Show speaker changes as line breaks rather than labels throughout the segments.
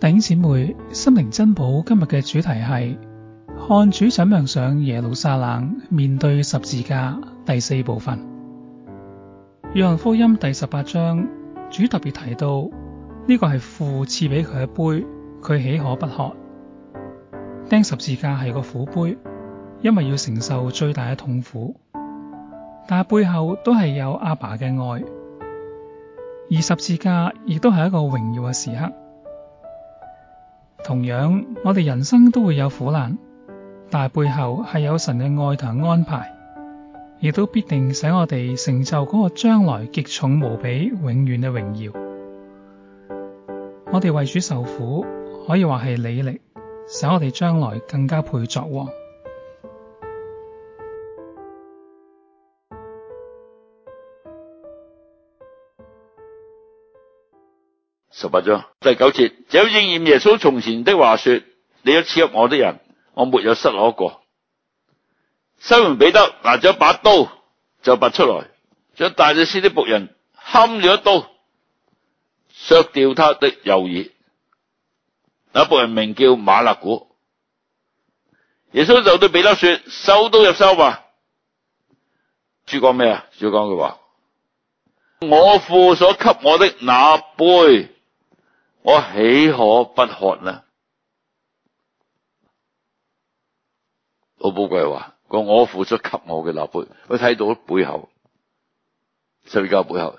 弟兄姊妹心靈珍寶，今日嘅主題係看主怎樣上耶路撒冷，面對十字架第四部分。約翰福音第十八章，主特別提到呢、這個係父賜俾佢嘅杯，佢豈可不喝？釘十字架係個苦杯，因為要承受最大嘅痛苦，但係背後都係有阿爸嘅愛，而十字架亦都係一個榮耀嘅時刻。同樣，我哋人生都會有苦難，但係背後係有神嘅愛同安排，亦都必定使我哋成就嗰個將來極重無比、永遠嘅榮耀。我哋為主受苦，可以話係履歷，使我哋將來更加配作王。十八章第九節，就應驗耶穌從前的話說：祢所賜給我的人，我沒有失落過。西門彼得拿咗一把刀就拔出來，將大祭司啲僕人砍了一刀，削掉他的右耳。那僕人名叫馬勒古。耶穌就對彼得說：收刀入鞘吧。主講咩啊？主講嘅話我父所給我的那杯。我豈可不喝呢？老寶貴話：，我我付出給我的立杯，我睇到背後，十字架背後，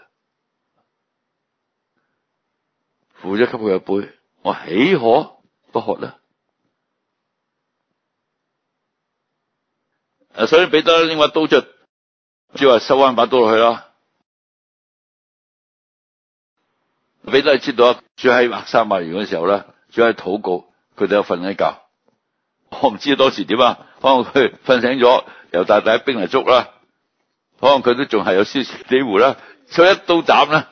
付出給佢嘅杯，我豈可不喝呢？誒，所以彼得拎把刀出，即係話收返把刀落去啦。俾都係接到，住喺白山埋完嗰時候咧，住喺禱告，佢哋有瞓喺覺，我唔知當時點啊，可能佢瞓醒咗，又帶大，大一兵嚟捉啦，可能佢都仲係有少少幾壺啦，所以一刀斬啦，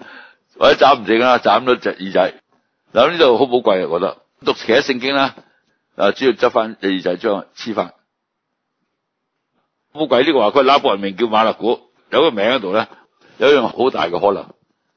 或者斬唔正啦，斬咗隻耳仔，嗱呢度好寶貴啊，覺得讀其他聖經啦，啊主要執翻隻耳仔將黐翻，好寶貴呢個話佢拉僕人，名叫馬勒古，有個名喺度咧，有一樣好大嘅可能。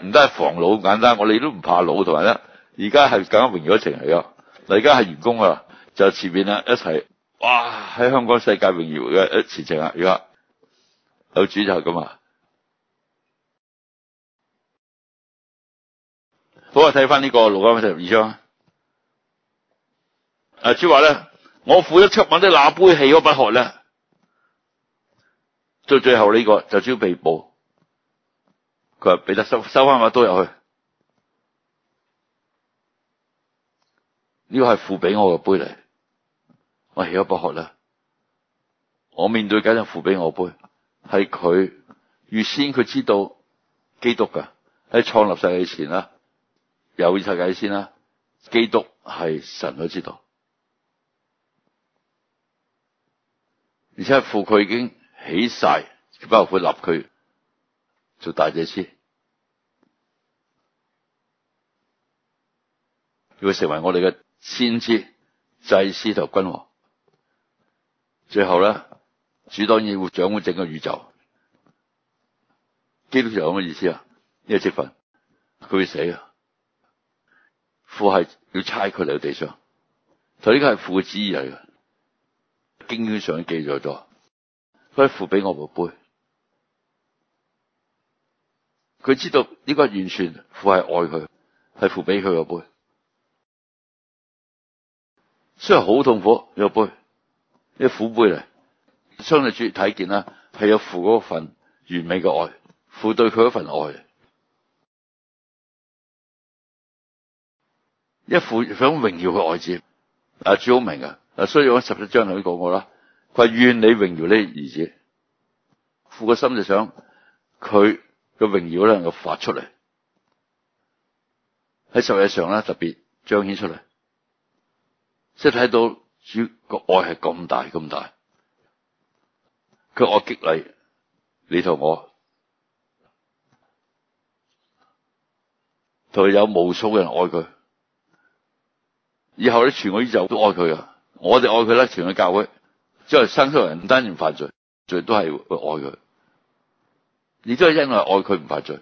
唔得，係防老咁簡單，我哋都唔怕老，同埋咧，而家係更加榮耀一程嚟咯。嗱，而家係員工啊，就前面啊，一齊哇，喺香港世界榮耀嘅事情啊，而家有主就係咁啊。好啊，睇翻呢個路加二十二章啊。阿朱話咧，我父一出，品啲那杯，豈可不喝呢？到最後呢個就主要被捕。佢話彼得收收翻把刀入去，呢個係父俾我嘅杯嚟，我豈可不喝啦。我面對緊就父俾我的杯，係佢預先佢知道基督噶，喺創立世界前啦，有世界先啦，基督係神都知道，而且父佢已經起曬，包括立佢做大祭司。會成為我哋嘅先知、祭司同君王。最後咧，主當然會掌管整個宇宙。基督就係咁嘅意思啊！呢個職分，佢會死啊！父係要差佢嚟地上，但呢個係父嘅旨意嚟嘅。經卷上記載咗，佢係父俾我個杯。佢知道呢個完全父係愛佢，係父俾佢個杯。雖然好痛苦，有、這個、杯，一、這、苦、個、杯嚟。相信主睇見啦，係有父嗰份完美嘅愛，父對佢一份愛，一父想榮耀佢愛子。啊，主好明啊，所以我咗十七章嚟講過啦。佢話願你榮耀呢兒子，父個心就想佢嘅榮耀咧能夠發出嚟，喺十日上咧特別彰顯出嚟。即係睇到主個愛係咁大咁大，佢愛激勵你同我，同你有無數嘅人愛佢。以後啲全個宇宙就都愛佢噶，我哋愛佢啦，全個教會，即係生出嚟唔單止唔犯罪，罪都係會愛佢。亦都係因為愛佢唔犯罪。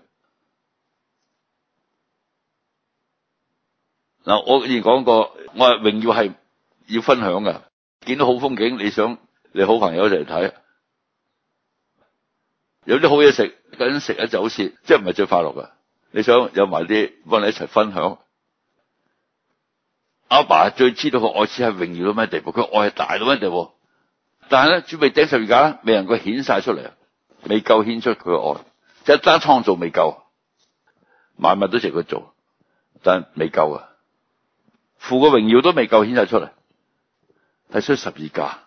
嗱，我以前講過，我係榮耀係。要分享噶，見到好風景，你想你好朋友一齊睇，有啲好嘢食，跟食啊好似即係唔係最快樂噶？你想有埋啲，幫你一齊分享。阿爸，爸最知道佢愛是係榮耀到咩地步，佢愛係大到咩地步，但係咧，準備頂十字架，未能夠顯曬出嚟，未夠顯出佢嘅愛，就單創造未夠，萬物都成佢做，但係未夠啊，父嘅榮耀都未夠顯曬出嚟。係出十字架，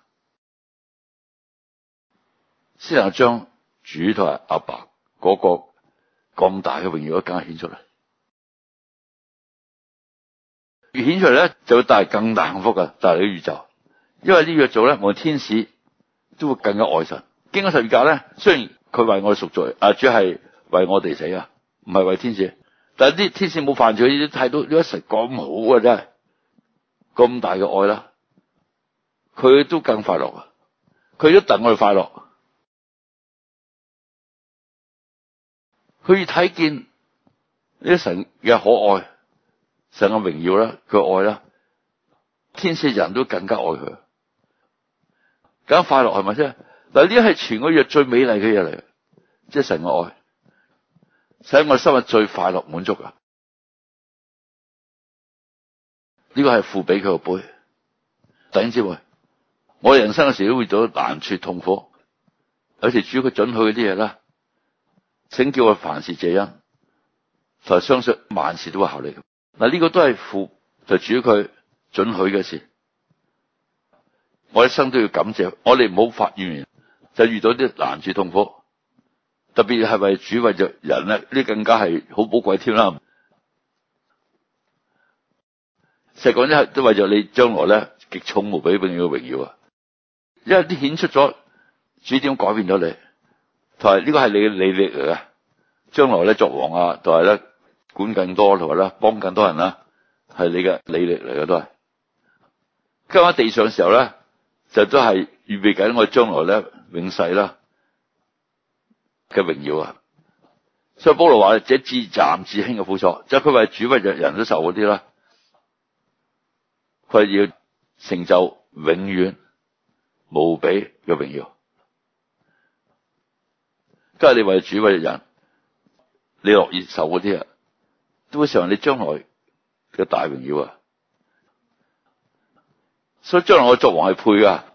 先能夠將主同阿爸嗰個咁大嘅榮耀嗰間顯出嚟。顯出嚟咧，就會帶嚟更大幸福噶，帶嚟啲宇宙。因為呢樣做咧，我天使都會更加愛神。經過十字架咧，雖然佢為我贖罪，啊主係為我哋死啊，唔係為天使。但係啲天使冇犯罪，你睇到呢一成咁好嘅真係咁大嘅愛啦。佢都更快樂啊！佢都等我哋快樂。佢要睇見呢神嘅可愛、神嘅榮耀啦，佢愛啦，天使人都更加愛佢，更加快樂係咪先？嗱，呢係全個約最美麗嘅嘢嚟，即係神嘅愛，使我心入最快樂滿足啊！呢、這個係父俾佢個杯，弟兄姊妹。我人生嘅時都會遇到難處痛苦，有時主佢准許啲嘢啦，請叫我凡事謝恩，就相信萬事都會考你。嗱，呢個都係父就主佢准許嘅事，我一生都要感謝。我哋唔好發怨言，就遇到啲難處痛苦，特別係為主為咗人咧，呢更加係好寶貴添啦。實講咧，都為咗你將來咧極重無比永遠嘅榮耀啊！因為啲顯出咗主點改變咗你，同埋呢個係你嘅履歷嚟嘅，將來咧作王啊，同埋咧管更多，同埋咧幫更多人啦，係你嘅履歷嚟嘅都係。喺地上嘅時候咧，就都係預備緊我將來咧永世啦嘅榮耀啊。所以保羅話，這至暫至輕嘅苦楚，即係佢話主不日人都受嗰啲啦，佢係要成就永遠無比嘅榮耀，今日你為主為人，你樂意受嗰啲啊，都會成為你將來嘅大榮耀啊！所以將來我作王係配噶，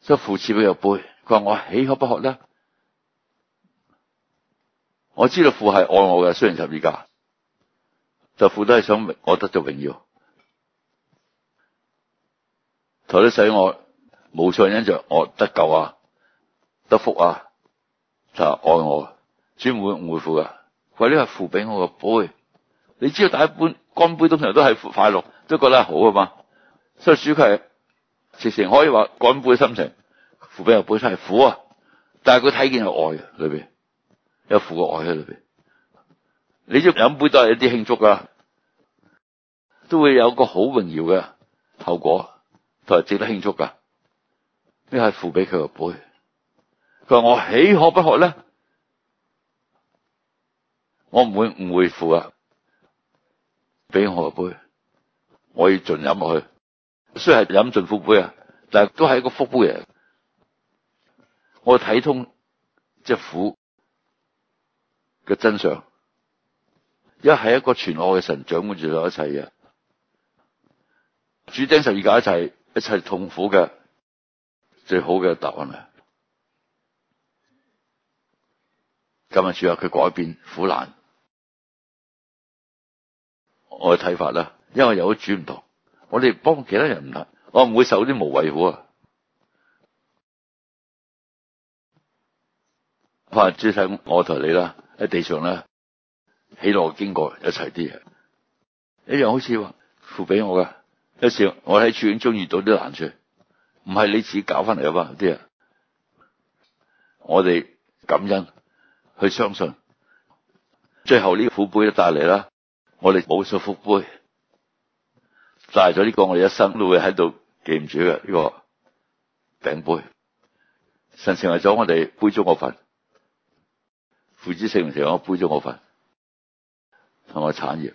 所以父賜俾個杯，佢話我豈可不喝呢？我知道父係愛我嘅，雖然就而家，但父都係想我得到榮耀。抬都使我，冇錯因着我得救啊，得福啊，就愛我，專門唔會苦噶。嗰啲係父俾我個杯，你知道，大一乾杯乾杯通常都係快樂，都覺得係好啊嘛。所以主佢係直情可以話乾杯的心情，父俾個杯真係苦啊。但係佢睇見係愛嘅裏邊，有苦個愛喺裏邊。你知唔飲杯都係一啲慶祝啊，都會有一個好榮耀嘅後果。同係值得慶祝噶呢係父俾佢個杯。佢話我豈可不喝咧？我唔會唔會苦啊，俾我個杯，我要盡飲落去。雖然係飲盡苦杯啊，但係都係一個福杯嚟。我睇通即係、就是、苦嘅真相，一係一個全愛嘅神掌管住咗一切嘅，主釘十字架一切。一切痛苦嘅最好嘅答案啊！今日主要，佢改變苦難我嘅睇法啦，因為有主唔同，我哋幫其他人唔同，我唔會受啲無謂苦啊！啊，主睇我同你啦，喺地上啦，起落經過一齊啲嘢，一樣好似話付俾我噶。一時我喺處境中遇到啲難處，唔係你自己搞翻嚟啊嘛啲啊！我哋感恩，去相信，最後呢個苦杯都帶嚟啦。我哋冇數福杯帶咗呢個，我哋一生都會喺度記唔住嘅呢、這個餅杯。神成為咗我哋杯中我份，父子聖人成唔成我杯中我份，同我產業。